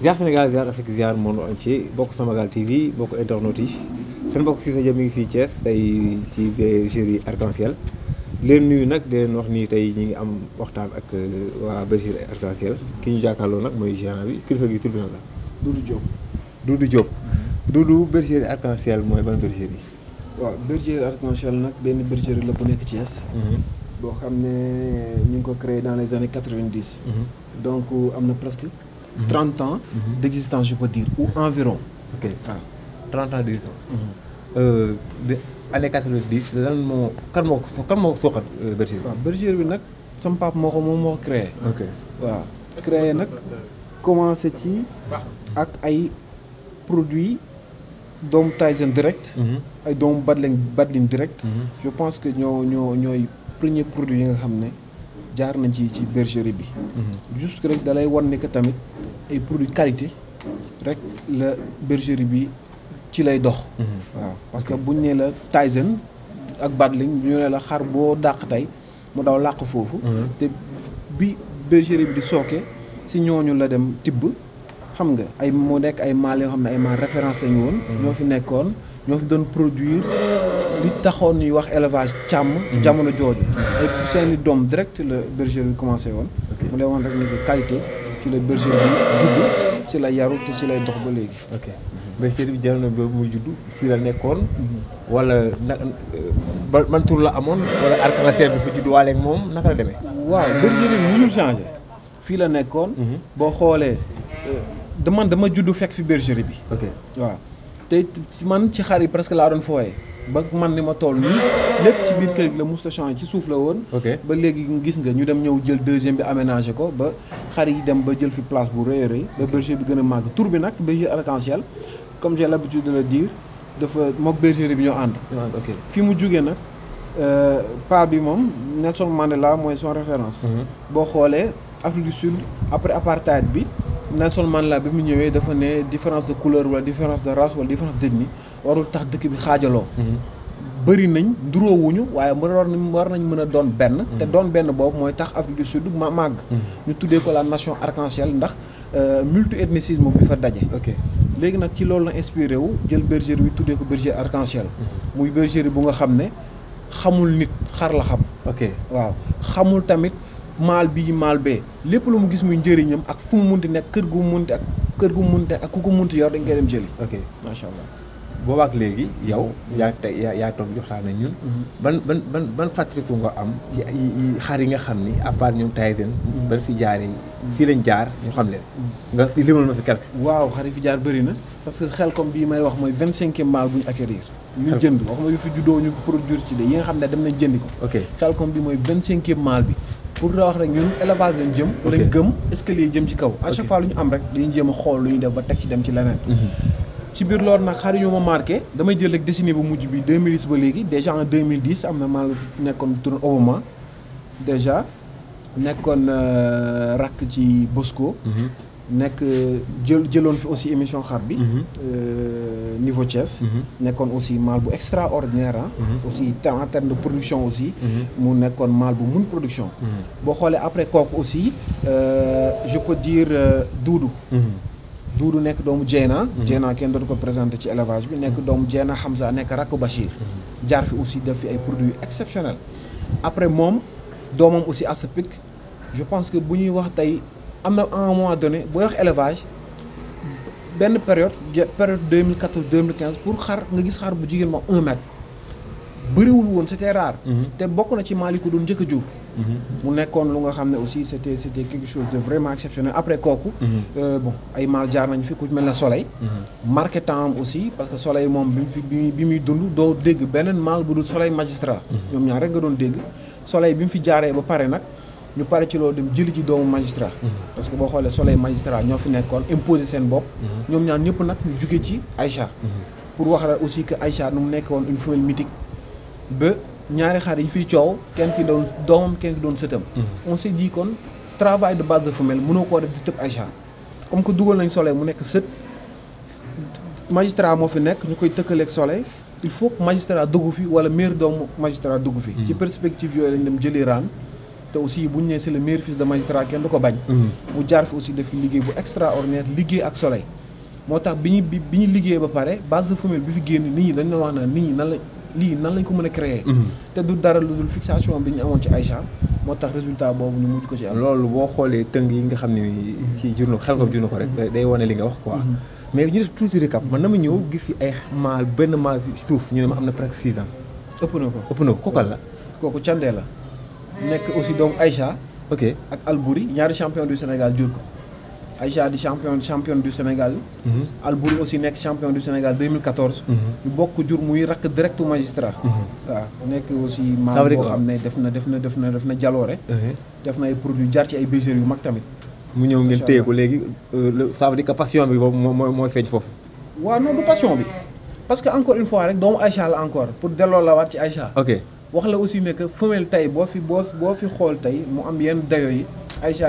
ziar senegal ziar Afrique ziar monde entier bok Samagal TV bok internautes yi seen bokk si sa jëm mi ngi fii ci bergerie Arc-en-Ciel leen nuyu nag di leen wax ni tey ñu ngi am waxtaan ak euh, waa Bachir arc ki ñu jàkkaarloo nag mooy gérant bi kilifa gi tur bi la. Doudou Diop. Doudou Diop. Mm-hmm. Doudou bergerie Arc-en-Ciel mooy ban bergerie. waaw bergerie arc nag benn bergerie la bu nekk Thiès. Mm-hmm. boo xam ne ñu ngi ko créé dans les années 90. vingt dix. Mm-hmm. donc euh, am na presque. 30 ans. d' existence je peux dire ou environ. ok waaw trente ans d' existence. Euh, année 90 lan moo kan moo ko kan moo ko soxal euh, bergerie bi. waaw bergerie bi nag sama pap moko ko moom moo ok waaw créé nak commencé ci ak ay produits doomu Tyson direct. Mhm. ay doomu Badling Badling direct. Mhm. je pense que ño ño ñoy premier produit yi nga xamné ne jaar nañ ci ci bergerie bi. Mhm. juste rek da lay ni que tamit ay produits qualité rek la bergerie bi ci lay dox. Mhm. parce que buñ né la Tyson ak Badling ñu né la xar bo tay mu daw laq fofu mhm. bi bergerie bi si ñooñu la dem tibb. xam nga ay ay mal yo xamné ay référence woon. Mhm. ñoo fi ñoo fi produire li taxoon ñuy wax élevage cham jamono direct le bergerie bi commencé woon. mu lay rek qualité ci bi la mais Chérif jamono boobu mu juddu fii la nekkoon. wala na euh, ban ban la amoon. wala arc-en-ciel bi fa judduwaale ak moom naka la demee. waaw Bër Chérif musul changé. fii la nekkoon. Mhm. boo xoolee. dama euh, dama juddu fekk fi bergerie bi. ok waaw te man ci xar yi presque laa doon fooyee. ba man ni ma tool nii lépp ci biir kër la mos a ci suuf la woon. ba léegi gis nga ñu dem ñëw jël deuxième bi aménagé ko ba xar yi dem ba jël fi place bu rëy a rëy. ba bergerie bi gën a màgg tur nag bergerie arc comme j'ai l'habitude de le dire dafa mook bergerie bi ñoo ànd. ok fi mu nak euh pa bi mom Nelson Mandela moy son référence. Mhm. bo xolé Afrique du Sud après apartheid bi Nelson Mandela bi mu ñëwé dafa né différence de couleur wala différence de race wala différence d'ethnie warul tax dëkk bi xajalo xaajaloo. Mhm. bari nañ nduroowuñu waaye mën war nañ war nañ mën a doon benn. Mhm. té doon benn boobu moy tax Afrique du Sud ma màgg. ñu tuddé ko la nation arc-en-ciel ndax. Euh, multiethnicisme bi fa daje. léegi nag ci loolu la inspiré wu jël bergerie bi tuddee ko mhm. bergerie arc muy ciel muy bu nga xam ne xamul nit xar la xam. ok waaw xamul tamit maal bii maal bee lépp lu mu gis muy njëriñam ak fu mu munti nekk kër gu mu munti ak kër gu mu munti ak ku ko munti yor dañ koy dem jëli. ok macha allah. boobaak léegi yow mm-hmm. yaa tey yaa toog ñu xaar na ñun mm-hmm. ban ban ban ban fàttaliku nga am ci xar yi nga xam ni à part ñoom Tyson mm-hmm. ban fi jaar ñu xam ne nga limal ma fi quelque waaw xar yi fi jaar bëri na parce que xel comme bii may wax mooy vingt cinquième mâle bu ñu acquérir ñu jënd waxuma yu fi juddoo ñu produire ci de yi nga xam ne dem nañ jëndi ko ok xel comme bi mooy vingt cinquième mâle bi pour da wax rek ñun élevage lañ jëm lañ gëm est lii jëm ci kaw à chaque lu ñu am rek dañuy jéem a xool lu ñu def ba teg ci dem ci leneen ci biir loolu nag xar yu ma marqué damay jël rek décennie bu mujj bi 2010 ba léegi déjà en 2010 amna mal maa nekkoon tourne Obama déjà nekkoon euh, rakk ci Bosco. Mhm. nekk jël jëloon fi aussi émission xar bi. Mhm. Euh, niveau Thiès. Mhm. nekkoon aussi maal bu extraordinaire hein. aussi en terme de production aussi. mu nekkoon mal bu mun production. boo après kok aussi euh, je peux dire Doudou. Duudu nek doomu Dieyna mhm. Dieyna kenn dootu ko présenter ci élevage bi nek mhm. doomu Dieyna Hamza nek Rakou Bachir mhm. jar fi aussi def fi ay produits exceptionnels après mom domam aussi Aspic je pense que buñuy wax tay amna un mois donné booy wax élevage ben période période 2014 2015 pour xar nga gis xar bu jigen moom un mètre bëriwul won c'était rare te bokku na ci Malikou ko doon njëkk mu nekkoon lu nga xam aussi c'était c'était quelque chose de vraiment exceptionnel après kooku. Mhm. Euh, bon ay maal jaar nañ fi ku mel ne Soleil. Mhm. marqué temps am aussi parce que Soleil moom bi mu fi bi muy dund doo dégg beneen maal bu Soleil magistrat. Mhm. ñoom ñaar rek nga doon dégg Soleil bi mu fi jaaree ba pare nag. ñu pare ci loolu dem jëli ci doomu magistrat parce que boo xoolee soleil magistrat ñoo fi nekkoon imposé seen bopp ñoom ñaan ñëpp nag ñu jugee ci Aïcha pour wax aussi que Aïcha nu mu nekkoon une femelle mythique ba ñaari xar yi fiy coow kenn ki doon doomam kenn ki doon sëtam mhm. on s'est dit kon travail de base de femelle mënoo koo def di tëb ay char comme que dugal nañ soleil mu nekk sët magistrat moo fi nekk ñu koy tëkkaleeg soleil il faut que magistrat dugg fi wala maire doomu magistrat dugg fi mhm. ci perspective yooyu lañ dem jëlee raan te aussi bu ñu nee c'est le meilleur fils de magistrat kenn du ko bañ mhm. mu jaar fi aussi def liggéey bu extraordinaire liggéey ak soleil moo tax bi ñu bi ñu liggéey ba pare base de bi fi génn nit ñi dañ la wax naan nit ñi lii nan lañ ko mën a créer mhm. te du dara lu dul fixation bi ñu amoon ci Aïcha moo tax résultat boobu ñu mujj ko ci am loolu boo xoolee tëng yi nga xam ne ci jur na xel ko jur na ko rek mhm. day wane li nga wax quoi mhm. mais ñu def tuuti récap man na ma ñëw gis fi ay maal benn maal suuf ñu ne ma am na presque six ans ëpp na ko ëpp na ko kookal la kooku Candé la nekk aussi donc Aïcha ok ak Albouri ñaari champion du Sénégal jur ko Aïcha est champion du Sénégal. Mhm. Albouri aussi champion du Sénégal 2014. Il a jur muy magistrat. Il mhm. est aussi maam boo xam ne def na Il mhm. a produits ci ay yu euh, passion non passion parce que encore une fois rek Aïcha encore pour la Aïcha. ok wax la aussi est que femelle tey fi boo fi tay, mu Aïcha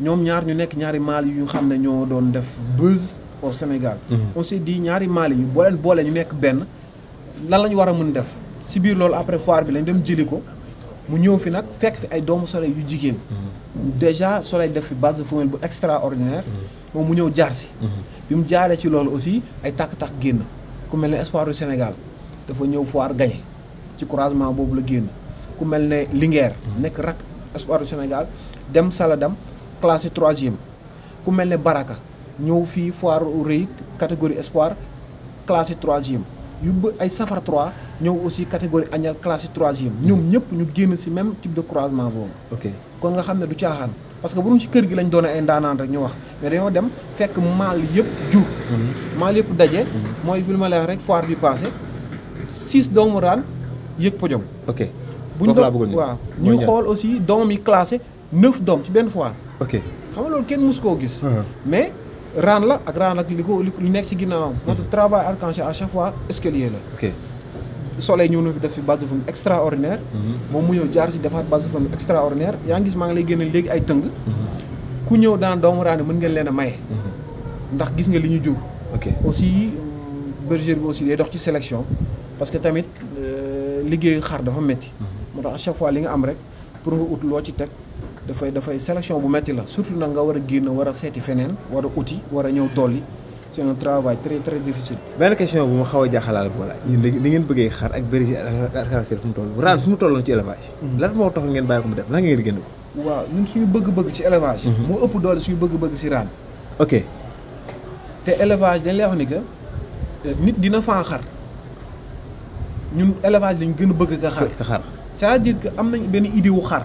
ñom ñaar ñu nekk ñaari Mali yu xam ne ñoo doon def buzz au Sénégal. Mhm. on s'est dit ñaari Mali yu bo len bolé ñu nekk ben lan lañu wara war def ci biir lool après foire bi lañ dem jëliko mu ñëw fi nak fekk fi ay doomu soleil yu jigéen. Mhm. déjà soleil def fi base de femelle bu extraordinaire. Mhm. mo mu ñëw jaar si. bi mu jaaree ci lool aussi ay tak tak genn ku melni espoir du Sénégal dafa ñëw foire gagné ci croisement bobu la genn ku melni ne Linguère. nekk rak espoir du Sénégal dem Saladam Classe troisième comme les Baraka nous fi foire catégorie espoir classé troisième yu ay aussi catégorie agnelle classé troisième nous mhm. ñep ñu ci même type de croisement ok kon nga xamné ne du parce que buñ ci kër gi lañ doon ay rek ñu wax mais dañu dem fekk que mal Mal dajé moy fi ma rek foire bi passé six doomu ran yek podium. ok ñu nous aussi classé ci fois ok xam nga loolu kenn mus koo gis. Uh-huh. mais raan la ak raan ak li ko li nekk ci ginnaawam. moo uh-huh. tax travail arc en à chaque fois escalier la. ok soleil ñëw na fi def fi base de forme extraordinaire. Uh-huh. moom mu ñëw jaar ci defaat base de forme extraordinaire yaa ngi gis maa ngi lay génne léegi ay tëng. ku ñëw daan doomu raane mën ngeen leen a maye. ndax gis nga li ñu jur. ok aussi berger bi aussi day dox ci sélection parce que tamit euh, liggéeyu xar dafa metti moo tax à chaque fois li nga am rek pour nga ut loo ci teg. dafay dafay sélection bu métti la surtout nag nga war a génn war a seeti feneen war a uti war a ñëw dolli c'est un travail très très difficile. benn question bu ma xaw a jaaxalaal voilà yéen ni ngeen bëggee xar ak bergerie fu mu toll raan hmm. fu mu tolloon ci élevage. Hmm. lan moo tax ngeen bàyyi ko mu def lan ngeen génn ko. waaw ñun suñu bëgg-bëgg ci élevage. Hmm. moo ëpp doole suñu bëgg-bëgg si raan. te élevage dañ lay wax euh, nit dina faa xar ñun élevage lañ gën bëgg ka xar. ka xar cest am nañ benn idée xar.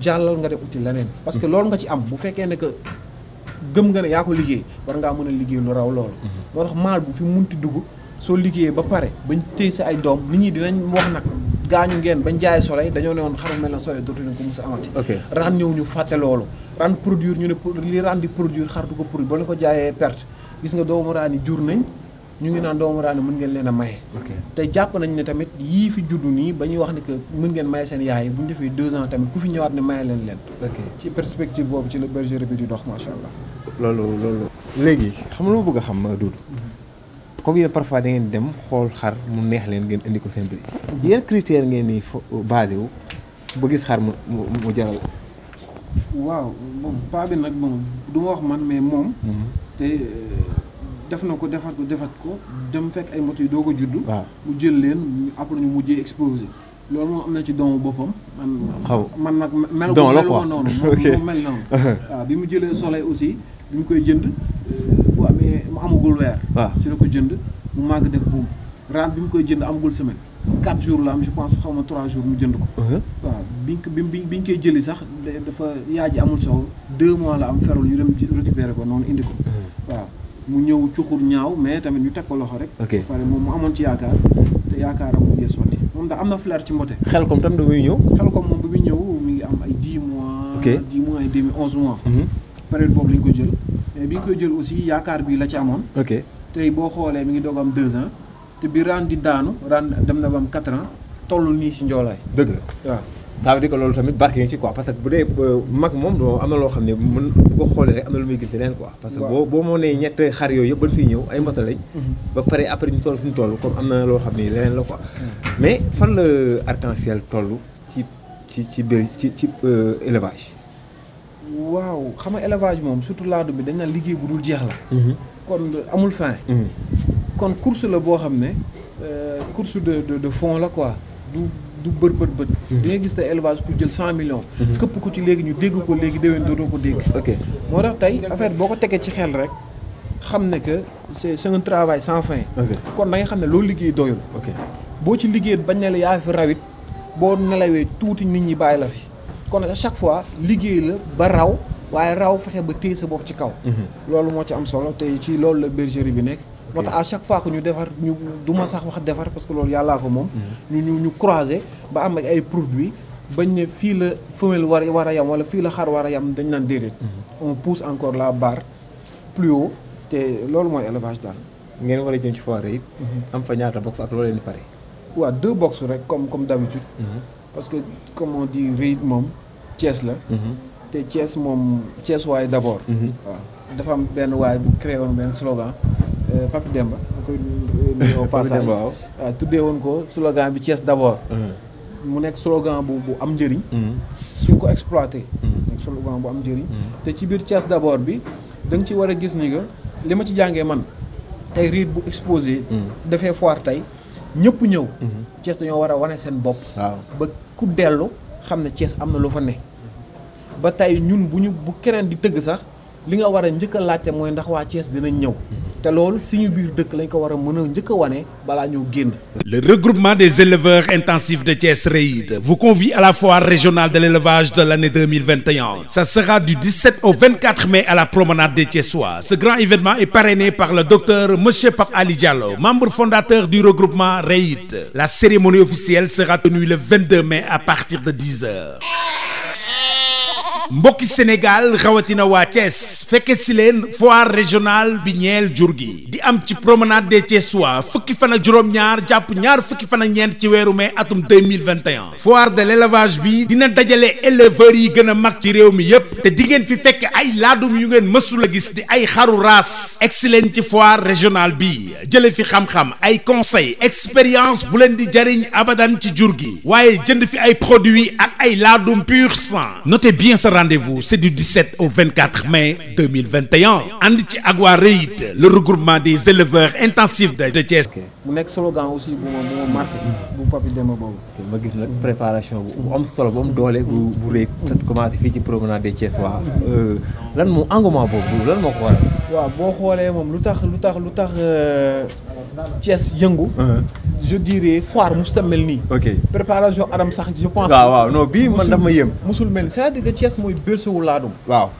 jàllal nga dem uti leneen. parce que loolu nga ci am bu fekkee ne que gëm nga ne yaa ko liggéey war ngaa mën a liggéey lu raw loolu. Mhm. moo tax maal bu fi mun ti dugg soo liggéeyee ba pare bañ téye sa ay doom nit ñi dinañ wax nag. gaañu ngeen bañ jaay soleil dañoo ne woon xaru mel na dootu leen ko mos a amati ran ñëw ñu fàtte loolu ran produire ñu ne li ran di produire xar du ko produire ba ñu ko jaayee perte gis nga doomu raan yi jur nañ ñu ngi naan doomu ne mën ngeen leen a maye te jàpp nañ ne tamit yii fi juddu nii ba ñuy wax ne que mën ngeen maye seen yaay bu ñu defee deux ans tamit ku fi ñëwaat ne maye leen leen ci perspective boobu ci la bergerie bi di dox macha allah loolu loolu léegi xam lu ma bëgg a xam Doudou mhm. comme yéen parfois da ngeen dem xool xar mu neex leen ngeen indi ko seen biir yéen critère ngeen ni basé wu ba gis xar mu mu jaral waaw paa bi nag du ma wax man mais moom mhm. def na ko defat ko defat mm. ko dem fekk ay moto yu doog a juddu. waaw mu jël leen après ñu mujjee exposé. loolu moom am na ci doomu boppam. man xaw man nag mel. don la quoi noonu moom mel noonu. waaw bi mu jëlee soleil aussi bi mu koy jënd bu euh, amee mu amagul weer. waaw ci la ko jënd mu màgg def buum raat bi mu koy jënd amul semaine. quatre jours la am je pense xaw ma trois jours mu jënd ko. Uh-huh. waaw bi bi bi biñ koy jëli sax dafa yaay ji amul soxla deux mois la am ferul ñu dem récupérer ko noonu indi ko uh-huh. waaw. mu ñëw cuxur ñaaw mais tamit ñu teg ko loxo rek. pare moom mu amoon ci yaakaar te yaakaaram mu ngi sotti moom daal am na flair ci mbote. xel kom tam da muy ñëw. xel kom moom bu muy ñëw mi ngi am ay dix mois. ok dix mois et demi onze mois. Mhm. période boobu lañ ko jël. mais bi ñu koy jël aussi yaakaar bi la ci amoon. ok tey boo xoolee mi ngi doog am deux ans te bi ren di daanu ren dem na ba am quatre ans toll nii si njoolaay. dëgg la waaw. ça veut dire que loolu tamit barke ci quoi parce que bu dee euh, mag moom doo am na loo mën bu ko xolé rek amna lu muy gis lénen quoi parce que bo boo moo nee ñett xar yoy yëpp ba fiy ñëw ay mbasa lañ mm-hmm. ba paré après ñu tollu fu tollu comme amna lo xamné lénen la quoi mm-hmm. mais fan la arc-en-ciel toll ci ci ci biir ci ci euh, élevage waaw xam élevage mom surtout laadu bi dañ na liggéey bu dul jeex la mm-hmm. kon amul fin kon course la boo xam ne euh, course de de de fond la quoi du du bët bët bët. Mhm. di nga gis tey élevage ku jël cent millions. Mhm. këpp ko ci léegi ñu dégg ko léegi déwén dootoo ko dégg. ok moo tax tey affaire boo ko tegee ci xel rek xam ne que c'est c'est un travail sans kon da xam ne loolu liggéey doyul. ok boo ci liggéey bañ ne la yaa fi rawit boo nelawee tuuti nit ñi bàyyi la fi kon à chaque fois liggéey la ba raw waaye raw fexe ba téye sa bopp ci kaw. Mhm. loolu moo ci am solo tey ci loolu la bergerie bi nekk. à chaque fois que nous devons nous parce que a ko nous nous nous nous croiser ba am ay produits bañ la femelle de mm-hmm. on pousse encore la barre plus haut c'est élevage dal ngén wara jëm ci foire mm-hmm. am fa ñaata box deux box comme comme d'habitude. Mm-hmm. parce que comme on dit mom, la. mom d'abord. dafa am benn waay bu créé woon benn slogan euh, Pape Demba da koy nuyu waaw euh, tuddee woon ko slogan bi Thiès d'abord uh-huh. mu nekk slogan bu bu am njëriñ uh-huh. suñ ko exploité uh-huh. nekk slogan bu am njëriñ te ci biir Thiès d'abord bi da nga ci war a gis ni que li ma ci jàngee man tey riit bu exposé dafee foire tey ñëpp ñëw Thiès dañoo war a wane seen bopp waaw ba ku dellu xam ne Thiès am na lu fa ne ba tey ñun bu ñu bu keneen di tëgg sax Le regroupement des éleveurs intensifs de Thiès Reid vous convie à la foire régionale de l'élevage de l'année 2021. Ça sera du 17 au 24 mai à la promenade des Thiessois. Ce grand événement est parrainé par le docteur Monsieur Pap Ali Diallo, membre fondateur du regroupement Reid. La cérémonie officielle sera tenue le 22 mai à partir de 10 h mbokki Sénégal rawatina waa Thiès foire régionale bi ñeel di am ci promenade des Thiessois fukki fan ak juróom-ñaar jàpp ñaar fukki atum 2021 foire de l'élevage bi dina dajale éleveur yi gën a mag ci réew mi yépp te di fi ay laadum yu gis excellent foire régionale bi jële fi xam-xam ay conseil expérience bu leen di jariñ abadan ci jur gi waaye jënd pur sang notez bien rendez-vous c'est du 17 au 24 mai 2021 ànd ci ak REIT le regroupement des éleveurs intensifs de Thiès. mu nekk slogan aussi bu ma bu ma marqué bu Papis Demba boobu. ma gis nag préparation bu am solo bu am doole bu bu réeg commencé fii ci promenade de Thiès waa euh, lan moo engouement boobu lan moo ko waral. waaw boo xoolee moom lu tax lu tax euh, Thiès yëngu. Uh-huh. je dirais foire mosut a ok préparation adam Sakh, je pense. waaw waaw non bi, man dama yëm. mosul mel c'est-à-dire que Thiès mooy berceau laadum. waaw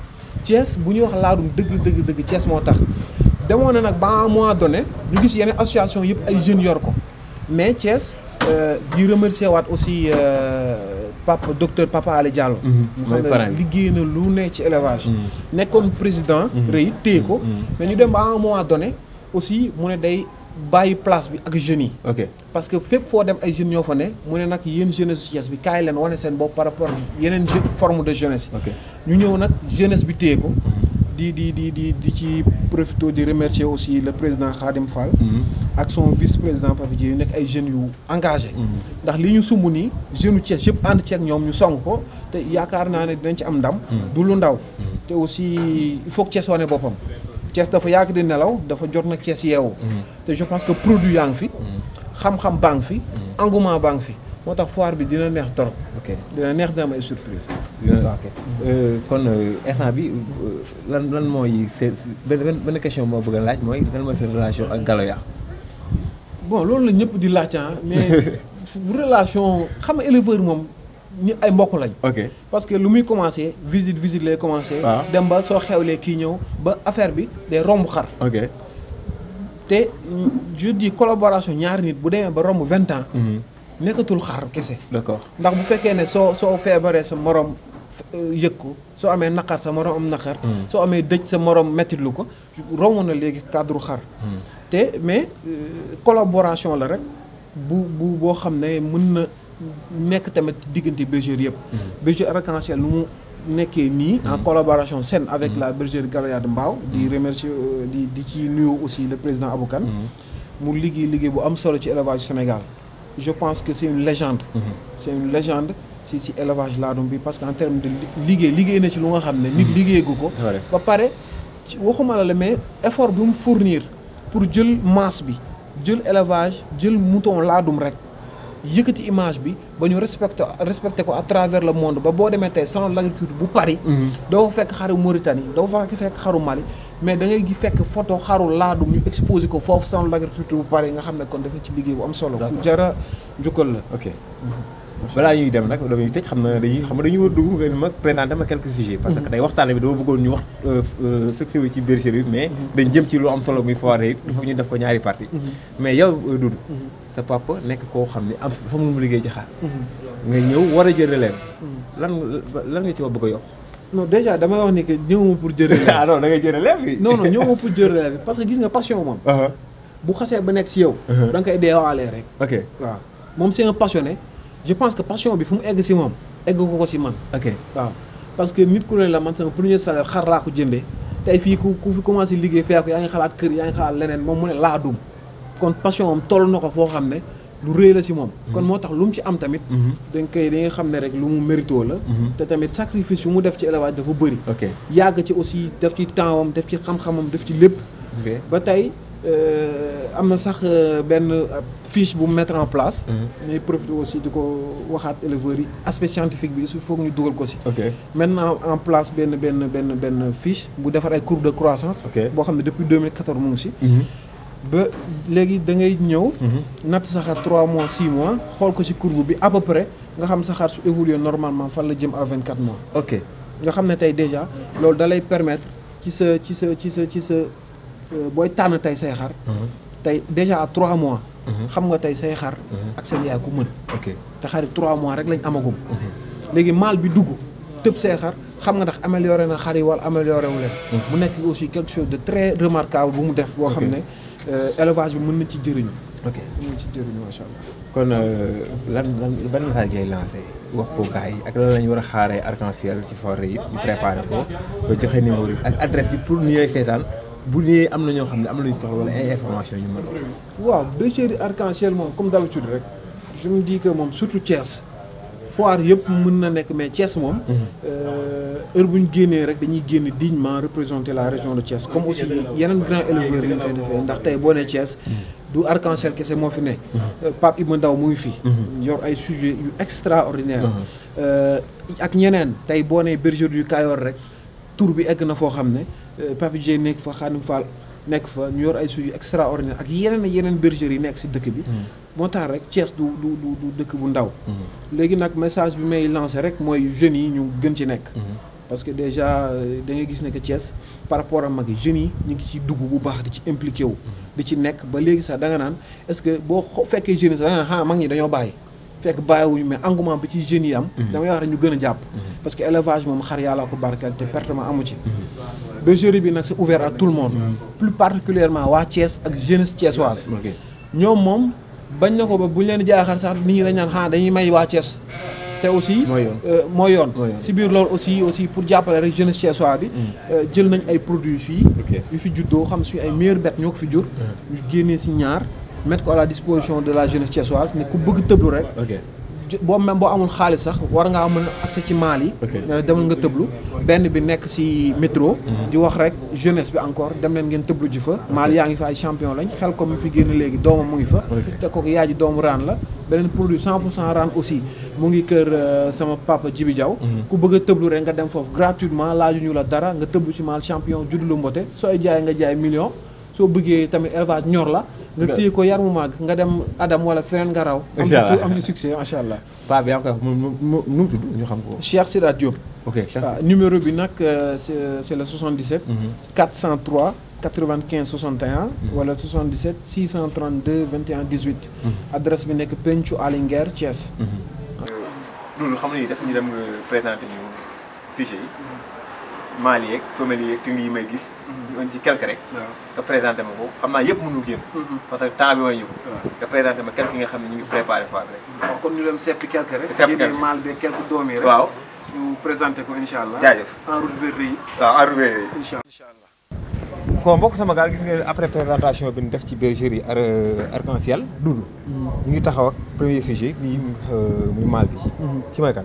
Thiès bu ñuy wax laadum dëgg dëgg dëgg Thiès moo tax. demoon na ba un mois donné ñu gis yeneen association yëpp ay jeunes yor ko mais Thiès euh, di remercier aussi euh, papa docteur Papa Ali Diallo. mu mm-hmm. xam ne liggéey na lu ne élevage. Mm-hmm. nekkoon président. Mm-hmm. rey téye ko. mais ñu dem ba un mois donné aussi mu ne day bayu place bi ak jeunes yi. ok parce que fepp fo dem ay jeunes ño fa né mu ne nag yéen jeunesse Thiès bi kay leen woné sen bopp par rapport yeneen forme de jeunesse OK ñu ñëw nak jeunesse bi téé ko. Mhm. di di di di di ci profito di remercier aussi le président Khadim Fall. Mhm. ak son vice président Pape Dieye nek ay jeunes yu engagé. Mhm. ndax li ñu sumu ni jeunes yu Thiès and ci ak ñom ñu song ko té yaakaar naa ne dinañ ci am ndam. du lu ndaw. té aussi il faut que Thiès wane boppam. Il dafa a di nelaw dafa mm-hmm. te je pense que produit yang fi. Mm-hmm. xam-xam fi. Mm-hmm. engouement fi. foire bi dina surprise. Euh, kon euh, instant bi euh, lan lan question relation Galoya. bon la di ah, mais relation xam ñu ay mbokk lañ. ok parce que lu muy commencé visite visite lay commencé. Ah. dem ba soo xewlee kii ñëw ba affaire bi day romb xar. ok te je dis collaboration ñaari nit bu demee ba romb 20 ans. Mhm. nekkatul xar kese. d'accord ndax bu fekkee ne soo soo feebaree sa morom euh, yëg ko soo amee naqar sa morom am naqar. Mhm. soo amee dëj sa morom mettitlu ko romb na léegi cadre xar. Mhm. te mais euh, collaboration la rek bu bu boo xam ne mën na nek tamit diggante bergerie yëpp. Hmm. bergerie arc en ciel nu mu nekkee ni en hmm. collaboration saine avec hmm. la bergerie Galliard Mbao di remercier euh, di di ci nuyu aussi le président Abou Kane mu liggéey liggéey bu am solo ci élevage Sénégal. je pense que c'est une légende. c'est une légende si si élevage la bi parce qu'en termes de liggéey liggéey na ci lu nga xamné ne. nit liggéeyagu ko. ba paré waxuma la mais effort bi mu fournir pour jël masse bi jël élevage jël mouton laadum rek yëkëti image bi ba ñu respecté respecté ko à travers le monde ba boo demee tey salon de l'agriculture bu Paris. Mhm. doo fa fekk xaru Mauritanie doo fa fekk xaru Mali mais da ngay fekk photo xaru laadum ñu exposé ko foofu salon de l'agriculture bu Paris nga xam ne kon dafa na ci liggéey bu am solo. jara njukkal la ok. Mhm. balaa ñuy dem nag damay tëj xam na dañuy xam na dañuy war dugg nga ma a ma quelques sujets parce que mhm. tey waxtaan bi dama bëggoon ñu wax euh, fixé euh, wu ci bergerie bi mais mhm. dañ jëm ci lu am solo muy foire yi dafa ñu def ko ñaari partie mhm. mais yow euh, Doudou sa nekk koo xam ne am xam mu liggéey ci xaar nga ñëw war a jël relève lan lan nga ci wax bëgg a yokk non déjà damay wax ni que ñëwuma pour jër relève ah non da ngay jël relève bi non parce que gis nga passion moom uh-huh. bu xasee ba nekk ci yow uh-huh. da kay koy deewaalee rek ok waaw moom seen un passionné je pense que passion bi parce que nit la man sama premier salaire xar la ko fi commencé une kon passion am na fo xamné lu rëy la si mom mhm. kon lu ci am tamit. Mhm. dañ koy une xamné rek mérito la. Mhm. te tamit sacrifice yu mu def ci élevage dafa bëri. ok ci aussi ba euh, na sax euh, benn fiche bu mettre en place. Mhm. mais profiter aussi de ko waxaat yi aspect scientifique bi il faut ñu nous ko si. maintenant en place benn benn benn benn fiche bu defar ay courbe de croissance. boo xam depuis 2014 mu ngi si. Mhm. ba léegi da ngay ñëw. Mhm. natt saxaar 3 mois 6 mois xool ko ci courbe bi à peu près nga xam saxaar su évoluer normalement fan la jëm à 24 mois. ok nga xam ne déjà loolu da permettre ci sa ci sa ci sa booy tànn tey say xar. tey déjà trois mois. xam nga tey say xar. ak seen yaay ku mën. te xarit trois mois rek lañ amagum. léegi maal bi dugg tëb say xar xam nga ndax amélioré na xar yi wala amélioré wu leen. mu nekk aussi quelque chose de très remarquable bu mu def. boo xam ne élevage bi mën na ci jëriñu. ok mën na ci jëriñu macha allah. kon lan lan ban message ngay lancé wax ko gars yi ak lan lañ war a xaaree arc-en-ciel ci forêt yi ñu préparé ko ba joxe numéro ak adresse bi pour ñu yooyu seetaan. bu dee am na ñoo xam ne am na soxla wala ay information yu mën waaw bergerie arc-en-ciel moom comme d'habitude rek je me dis que moom surtout Thiès foire yëpp mën na nekk mais Thiès moom mhm. euh, heure bu ñu génnee rek dañuy génn dignement représenter la région de Thiès comme aussi yeneen grand éleveur li ñu koy defee ndax tey boo nee Thiès mhm. du arc-en-ciel kese moo fi ne mhm. euh, Pape Ibou Ndaw mu ngi fi yor ay sujet yu extraordinaire euh, ak ñeneen tey boo nee berger du Kayor rek tour bi egg na foo xam ne euh, Pape Dieng nek fa Xaadim Fall nek fa ñu yor ay suyu extraordinaire ak yeneen yeneen bergerie nek ci dëkk bi. Hmm. mo tax rek Thiès du du du dëkk bu ndaw. Hmm. légui nak message bi may lancé rek moy jeunes yi ñu gën ci nek hmm. parce que déjà euh, da ngay gis nek que Thiès par rapport ak mag yi yi ñu ngi ci dugg bu baax di ci impliqué wu. di ci nek ba légui sax da nga naan est-ce que bo fekkee jeunes sax ha nga mag ñi dañoo bàyyi fekk bàyyiwuñu mais engouement bi ci jeunes yi am damay wax rek ñu gën a jàpp mhm. parce que élevage moom xar yàllaa ko barkeel te pertement amu ci mhm. jury bi nag c'est ouvert à tout le monde mhm. plus particulièrement waa Thiès ak jeunesse thiessoise ñoom moom bañ na ko ba buñ leen di sax nit ñi dañ naan xanaa ah, dañuy may waa Thiès te aussi euh, mooy yoon si biir loolu aussi aussi pour jàppale rek jeunesse thiessois bi euh, jël nañ ay produits fii yu fi juddoo xam suñu ay meilleurs bêtes ñoo ko fi jur ñu génnee si ñaar mettre ko à la disposition de la jeunesse thiessoise mais ku de tëblu rek. boo même boo amul xaalis sax war nga mën accès ci mali demul nga tëblu benn bi nek si métro. Mhm. di wax rek jeunesse bi encore dem len ngeen tëblu ji fa. maal yaa fa ay champion lañ xel ko mu fi genn léegi doomam mu ngi fa. te ko yaay doomu raan la benen produit 100 ran aussi mu ngi kër euh, sama papa Jibi jaw mhm. ku bëgg a rek nga dem foofu gratuitement ñu la dara nga tëblu ci maal champion juddu lu so ay jaay nga jaay million so bëggee tamit élevage ñor la nga téye ko yar nga dem Adam wala feneen nga raw. am ñu succès macha allah. bi tudd ñu xam ko. Cheikh Diop. ok ah, numéro bi nag euh, le 77. 403 95 61. wala 77 632 21 18. adresse bi nekk Alinger, alinger Thiès. Mhm. loolu xam nañu daf ñu dem euh, présenté ñu sujet maali yeeg femelle yeeg tëng yi may gis. Mhm. ñu indi ci quelque rek. nga présenté ma ko xam naa yëpp mënul génn. Mhm. parce que temps bi may ñu ko. nga nga xam ne ñu ngi préparé phase rek. waaw kon ñu dem seppi quelque rek. seppi quelque présenté ko incha allah. jaajëf en route vers Réy. waaw en route vers Réy. incha allah. kon mbokk sama gaal gis nga après présentation bi ñu def ci bergerie ar euh, arc en mhm. ñu ngi taxaw ak premier sujet bi euh, muy maal bi. ci may kan.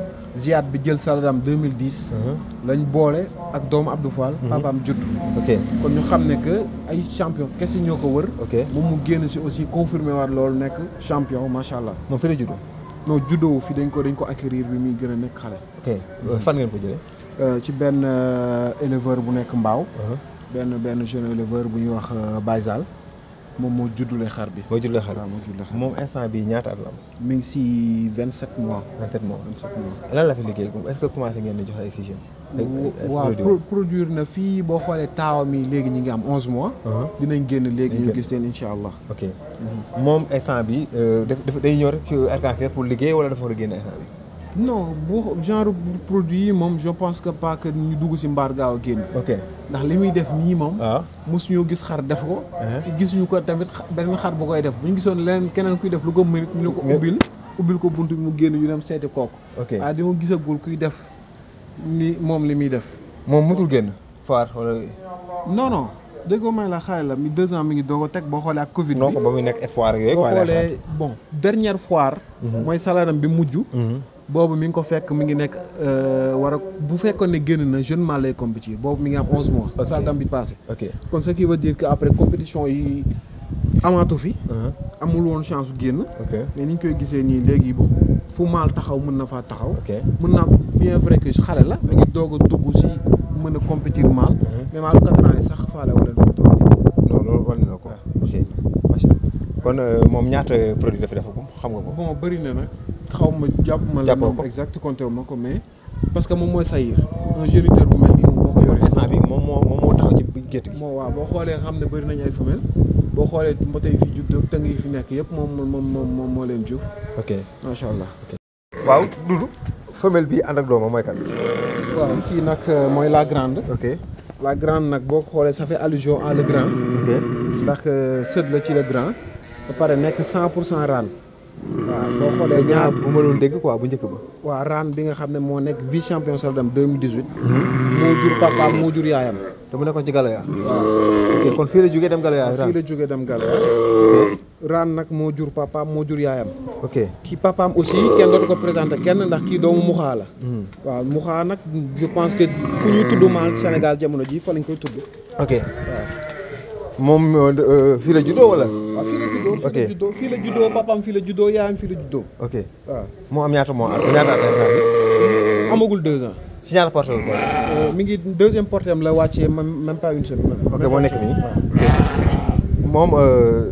Ziad bi jël saladam 2010. Mhm. lañ boole ak doomu Abdou Fall. Mhm. papaam judd. ok kon ñu xam ne que ay champion kese ñoo ko wër. ok moom mu génn si aussi confirmé waat loolu nekk champion macha allah. moom fi la juddoo. non juddoo fi dañ ko dañ ko acquérir bi muy gën a nekk xale. ok euh, fan ngeen ko jëlee. Euh, ci benn euh, éleveur bu nekk Mbaaw. Mhm. benn benn jeune éleveur bu ñuy wax Baye Zal. moom moo juddulee xar bi. moo juddulee xar bi waaw moo juddulee xar bi moom instant bii ñaata at la am. mi ngi si vingt sept mois. vingt sept mois vingt sept mois. lan la fi liggéey est ce que commencé ngeen di jox ay sujets. waaw produire na fii boo xoolee taawam yi léegi ñu ngi am onze mois. dinañ génn léegi ñu gis leen incha allah. ok moom instant bi daf day ñëw rek ci pour liggéey wala dafa war a génn instant bi non genre produit mom je pense que pas que ñu dugg ci mbaar gaaw a ok ndax limuy def ni mom waaw ah. ñu gis xar def ko. Uh-huh. gisuñu ko tamit benn xar bu koy def buñu ñu gisoon leneen keneen kuy def lu ko mën ñu ne ko ubbil ubbil ko bunt bi mu génn ñu dem seeti kok ok ah di mo gisagul kuy def ni mom limuy def. mom mutul génn far wala. non non déggoo may la xaay la mi deux ans mi ngi doog a teg boo xoolee ak. Covid non ba muy nekk foire yooyu. boo xoolee bon dernière foire. Mhm. mooy salaram bi mujj. Mhm bobu mi ngi ko fekk mi ngi nekk euh, war a bu fekkone genn na jeune mâle lay bobu boobu mi ngi am 11 mois. ok ça bi passé. ok kon ce qui veut dire que après compétition yi amaatu fi. Uh-huh. amul won chance génn. mais ni ñu koy gisee ni légui boobu fu mal taxaw mën na fa taxaw. mën na bien vrai que xalé la. mi ngi doog dugg si mën a compétir mal uh-huh. mais mal 4 ans sax faale wu leen fa tool yi. non loolu war na ko. Ah, macha allah kon euh, mom ñaata produit dafa def xam nga ko. bon bari na nak je ma jàpp ma la exact compté ma mais parce que moom mooy sayir un géniteur bu mel nii moom instant bi taxaw ci femelle la grande la grande ça fait allusion à le grand ndax euh, la ci le grand waaw boo hmm, xoolee ñaar bu ma doon dégg quoi bu njëkk ba. waa raan bi nga xam ne moo nekk vice champion Saladam 2018. Hmm. moo jur papaam moo jur yaayam. te mu nekkoon ci Galaya. waaw ok kon fii la jógee dem Galaya. fii dem Galaya. raan nag moo jur papaam moo jur yaayam. ok kii papaam aussi kenn dootu ko présenté kenn ndax kii doomu Muxaa la. Hmm. waaw Muxaa nag je pense que fu ñuy tudd maanaam Sénégal jamono jii fa lañ koy tudd. ok moom euh, euh, fii la juddoo wala. Euh, ah, fii la juddoo fii la juddoo fii la fii la juddoo yaayam fii la juddoo. ok ah. moo am ñaata moo am ñaata at bi. amagul deux ans. si ñaata porté ko. mi ngi deuxième porté am la wàccee même pas une semaine. ok moo nekk nii moom.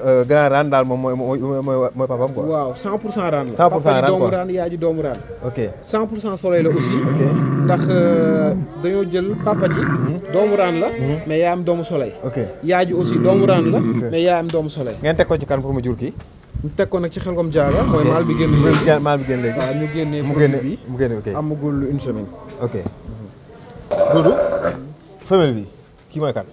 Euh, grand Rane daal moom mooy mooy mooy papaam quoi. waaw 100 pour cent Rane la. pour cent Rane papa di doomu Rane yaay doomu Rane. ok 100 pour cent soleil la aussi. ok ndax euh, dañoo jël papa ji. Mhm. doomu Rane la. Mhm. mais yaa am doomu soleil. ok yaay ji aussi doomu Rane la. mais yaa doomu soleil. ngeen teg ko ci kan pour mu jur kii. ñu teg ko nag ci xel kom mu génne bi mu génne ok amagul une semaine. ok. Doudou mhm. kii mooy kan.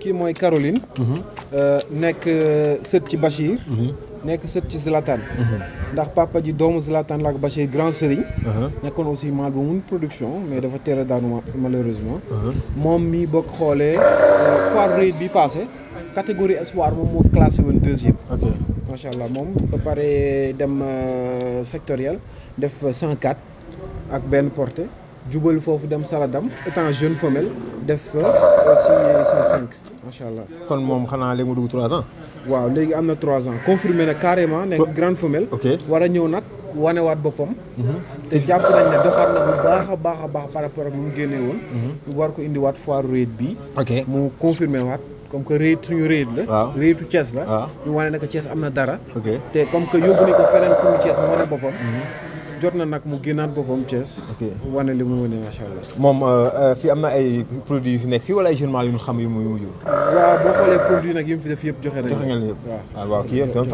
Qui moi mooy Caroline. Mhm. Euh, nek euh, sët ci Bachir. Mhm. nek sët ci Zlatan. Mhm. ndax papa ji doomu Zlatan lak ak Bachir grand sëriñ. Uh-huh. nekkoon aussi maal bu production mais dafa teel a malheureusement. Uh-huh. mom mi bok xoolee euh, foire rëy bi passé catégorie espoir mom mo classé woon deuxième. ok machallah mom moom dem sectoriel def 104 ak ben portée jubal fofu dem Saladam étant jeune femelle def aussi 105 machallah kon mom xana léegi mu 3 ans. waaw léegi amna 3 ans confirmé na carrément nekk grande femelle. wara ñew nak wané wat nag wanewaat boppam. Mhm. té japp nañ né doxaat na bu baaxa baaxa baax par rapport ak mu won woon. ñu mhm. war ko indi wat foire réet bi. ok mu confirmé wat comme que reet suñu reet la. waaw réyitu Thiès la. ñu wané ne que Thiès am na dara. te comme que yóbbu nañ ko feneen suñu Thiès moo ne boppam. Mhm. jot na nag mu génnaat boppam Thiès. ok wane li mu wane macha allah. moom euh, euh, fii am na ay produits fi nekk fii wala ay journal yu xam yu muy mujj. waaw boo xoolee produit nag yi ah,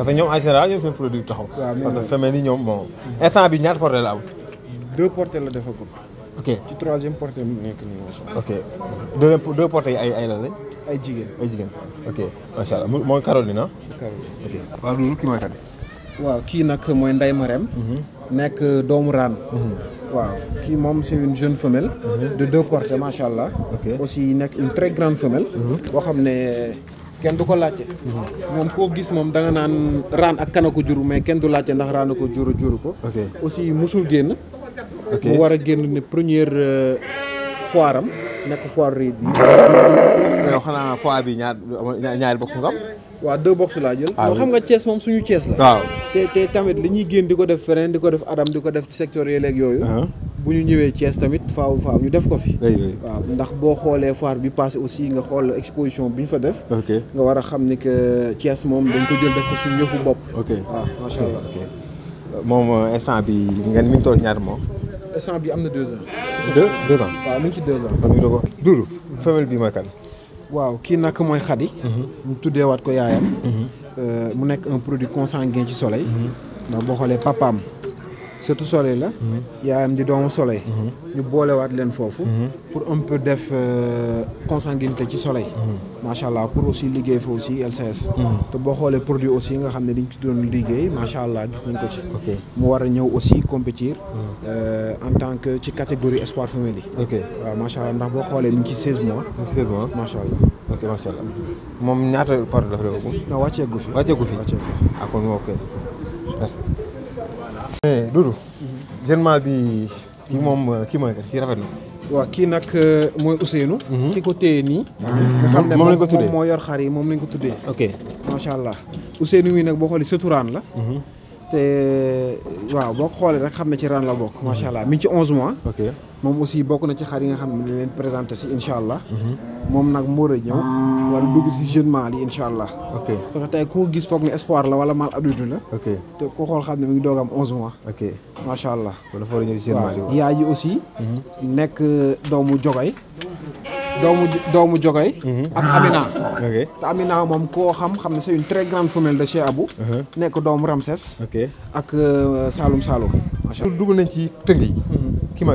que ñoom en général ñoom seen produit taxaw. parce que femelle yi ñoom hmm. ci troisième portée mu nekk nii macha allah. ok deuxième deux portées yi ay ay lan lañ. ay jigéen ay jigéen ok macha allah mooy Caroline ah? waaw kii nag mooy Ndeye Marème. Mm-hmm. une doomu ran mhm. waaw c'est une jeune femelle mhm. de deux portes, masha'allah, aussi une très grande femelle mhm. bo xamné kenn ko laccé gis da nga ak mais du aussi musul première euh, foire am nekk foire rëy bi. bi ñaar ñaari box nga am. waaw deux box laa jël. waaw ah, xam nga Thiès moom suñu Thiès la. waaw te tamit li ñuy génn di ko def feneen di ko def adam di ko def ci secteur yi léeg yooyu. Uh-huh. bu ñu ñëwee Thiès tamit faaw faaw ñu def ko fi. waaw ndax boo xoolee foire bi passé aussi nga xool exposition bi ñu fa def. nga war a xam ni que Thiès moom dañ ko jël def ko suñu yëfu bopp. ok waaw macha moom instant bi ngeen mi ngi toll ñaar moom. instant bi amna 2 deux ans. deux deux ans. waaw mu ngi deux ans. am bi qui kan. waaw mhm. mu wat ko mhm. euh, mu un produit consanguin ci soleil. ndax bo xolé surtout soleil la mhm. yaayam di doomu soleil mhm. ñu boolewaat leen fofu mhm. pour un peu def euh, consanguinité ci soleil masha'allah pour aussi liguer fa aussi LCS te boo xoolee produit aussi yi nga xam ne dañ ci doon liggéey macha allah gis nañ ko ci mu war a aussi compétir euh, en tant que ci catégorie espoir femelle ok waaw macha allah ndax boo xoolee ci mois 16 mois masha'allah ok masha'allah mon moom ñaata part dafa def non wàcceegu fi wàcceegu fi ah kon ok mais eh, Doudou. jën maa bi kii moom kii mooy kan kii rafet na. waaw kii nag euh, mooy Ousseynou. Mhm. ki ko téye nii. Mhm. nga xam ne moom moo yor xar yi moom lañ ko tuddee. ok macha allah Ousseynou mii nag boo xoolee sëturaan la. Mhm. te waaw boo ko xoolee rek xam ne ci raan la bokk. macha allah mi ngi ci 11 mois. moom aussi bokk na ci xar yi nga xam ne dañ leen présenté si incha allah. Mhm. moom nag moo war a ñëw. wala dugg si jeune mâle yi incha allah. ok parce que tey koo gis foog ne espoir la wala mâle adulte la. ok te ko xool xam ne mi ngi doog am onze mois. ok allah. a ñëw si jeune mâle yi waaw yaay mhm. nekk doomu jogay. doomu doomu Jogay. Mhm. ak Amina. te Amina moom koo xam xam ne c'est une très grande femelle de chez Abou. nekk doomu Ramses. ok ak euh, Saloum saalum macha allah dugg nañ ci tëng yi. ki ma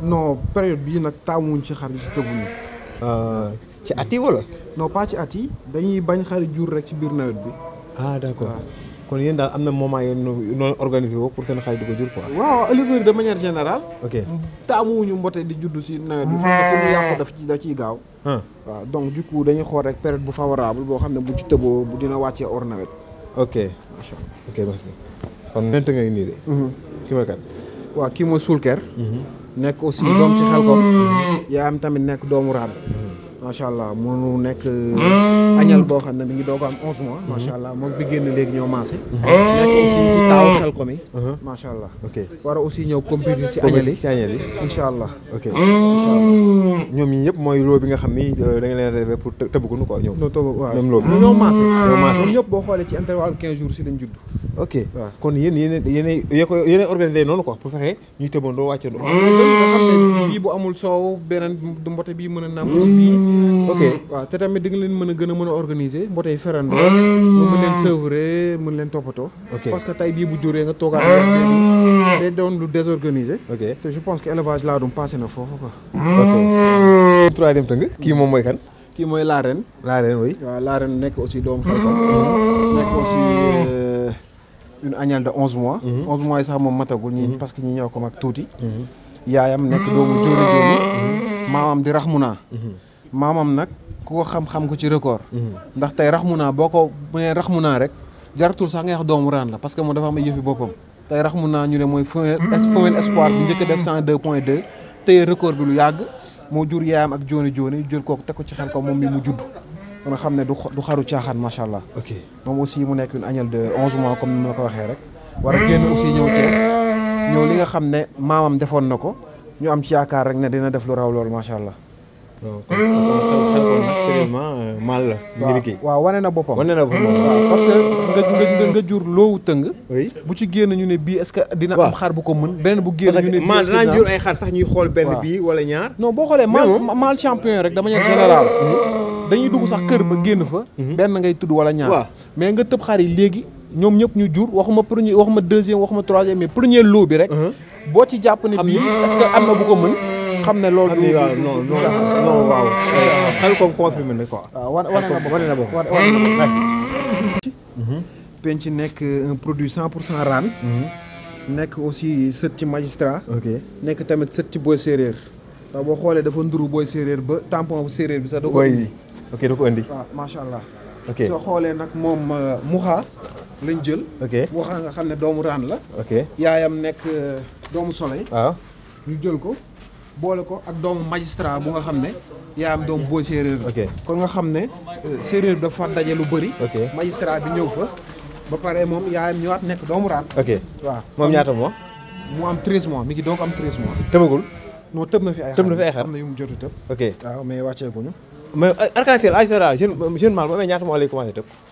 non période bii nag taamuñ ci xar yi ci tëbuñu euh, ci at yi wala. non pas ci at yi dañuy bañ xari jur rek ci biir nawet bi. ah d'accord kon yéen daal am na moment yéen noonu organisé woo pour seen xar di ko jur quoi. waaw éleveur de manière générale. ok taamuwuñu mbote di judd si nawet bi. parce que pour mu yàqu daf ci da ciy gaaw. Ah. waaw donc du dañuy xool rek période bu favorable boo xam ne bu ci tëboo bu dina wàcce hors nawet. ok macha allah ok merci. kon mhm. kii mooy nekk aussi doom ci xelkom mm. yaa am tamit nekk doomu raam macha allah mu nekk. Hmm. añal boo xam ne mi ngi doog am 11 mois. macha hmm. allah moom bi génn léegi ñoo maase. Hmm. nekk aussi ci taawu xel ko mi. Uh-huh. macha a aussi ñëw ñoom ñi ñëpp mooy loo bi nga xam ni euh, da nga leen rêvé pour ko quoi ñoom. ñoom loo bi ñoo maase. maase ñoom boo xoolee ci intervalle 15 jours si lañ judd. ok kon yéen yéen yéen yéen organisé noonu quoi pour fexe ñuy tëbandoo wàccandoo. nga xam ne bii bu amul soow beneen du mbote bii mën a naam bii Hmm. ok waaw te tamit di leen mën a gën a mën a organiser mbootay ferandoo hmm. nga mën leen sevrer mën leen toppatoo parce que tey bii bu juree nga toogaat hmm. day doon lu désorganisé ok te je pense que élevage laa dum passé na foofu quoi ok tëng kii moom mooy kan kii mooy laa ren laa reine oui waaw la nekk aussi doomu xel nekk aussi euh, une agnelle de onze mois onze mois yi sax moom matagul ñi parce que ñi ñoo ko mag tuuti yaayam nekk doomu jóori jóori maamam di raxmu naa maamam nag ku ko xam-xam ko ci record. Mhm. ndax tey rax mu naa boo ko bu nee rax mu naa rek jaratul sax ngay wax doomu raan la parce que moom dafa am ay yëfi boppam tey rax mu naa ñu ne mooy femelle mhm. espoir bu njëkk def 102 point 2 tey record bi lu yàgg moo jur yaayam ak jooni jooni jël kooku te ko ci xel ko moom mi mu judd kon xam ne du xaru caaxaan macha allah. ok moom aussi mu nekk une agnelle de 11 mois comme ni ma ko waxee rek. war a génn aussi ñëw Thiès li nga xam ne maamam defoon na ko ñu ci yaakaar rek ne dina def lu raw loolu macha allah. maal euh, la. waaw waaw wane na boppam wane na boppam. waaw parce que nga nga jur loowu tëng. bu ci génn ñu ne bii est-ce que. dina am xar bu ko mën beneen bu génn ñu ne. maal danaa jur ay xar sax ñuy xool benn bii wala ñaar. non boo xoolee maal maal champion rek de manière générale. dañuy dugg sax kër ba génn fa. Mhm. benn ngay tudd wala ñaar. mais nga tëb xar yi léegi ñoom ñëpp ñu jur waxuma premier waxuma deuxième waxuma troisième mais premier loo bi rek. Mhm. boo ci jàpp ne bii est-ce que am na bu ko mën xam ne loolu du non non non waaw ah, mhm. nekk produit cent pour cent mhm. nekk aussi sët ci magistrat nekk tamit sët ci booy séeréer boo xoolee dafa nduru séeréer ba tampon bu séeréer bi sax da ko indi ok xoolee nag moom euh, muxaa lañ jël ok muxaa nga xam ne doomu raan la ok yaayam nekk euh, doomu soleil waaw ah. ñu jël ko boole ko ak doomu magistrat bu nga xam ne yaayam doom boo séeréer la kon nga xam ne euh, séeréer bi dafa daje lu bëri magistrat bi ñëw fa ba pare moom yaayam ñëwaat nekk doomu raan ok waaw moom ñaata mois mu am 13 mois mi ngi donc am 13 mois tëbagul non tëb na fi ay xar tëb na fi ay xar am na yu mu jotu tëb ok waaw mais wàcceeguñu mais euh, arc-en-ciel en général jeune amee ñaata mois lay commencé tëb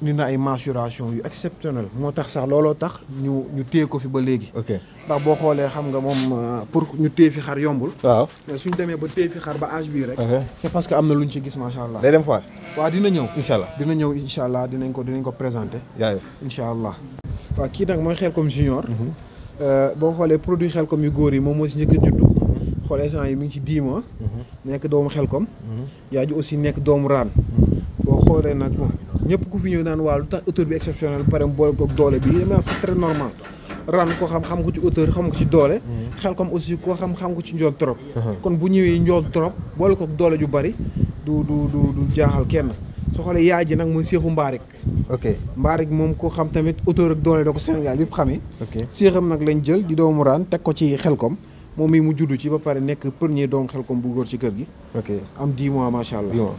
ni na ay mensuration yu exceptionnel moo tax sax looloo tax ñu ñu téye ko fi ba léegi. ok ndax boo xoolee xam nga moom euh, pour ñu téye fi xar yombul. waaw mais suñ demee ba téye fi xar ba âge bii rek. c'est parce que am na lu ñu ci gis macha allah. day dem foire. waaw dina ñëw. incha allah dina ñëw incha allah dinañ ko dinañ ko présenté yaayoo incha allah. waaw kii nag mooy Xelcom junior. Mhm. Euh, boo xoolee produit Xelcom yu góor yi moom moo si njëkk a juddu. Mhm. xoolee agent yi mi ngi ci dix mois. Mhm. nekk doomu Xelcom. yaa ji aussi nekk doomu raan. boo xoolee nag bon. ñëpp ku fi ñëw naan waaw lu tax auteur bi exceptionnel ba pare boole ko doole bi mais c'est très normal ran ko xam xam ko ci auteur xam ko ci doole mm-hmm. xel comme aussi koo xam xam ko ci njool trop uh-huh. kon bu ñëwee njool trop boole ko doole ju bari du du du du jaaxal kenn soo xoolee yaay ji nag mooy Seexu Mbaarik ok Mbaarik moom ko xam tamit auteur ak doole da ko Sénégal yëpp xamee ok Seexam nag lañ jël di doomu raan teg ko ci xel comme moom mii mu judd ci ba pare nekk premier doom xel kom bu góor ci kër gi. ok am 10 mois macha allah.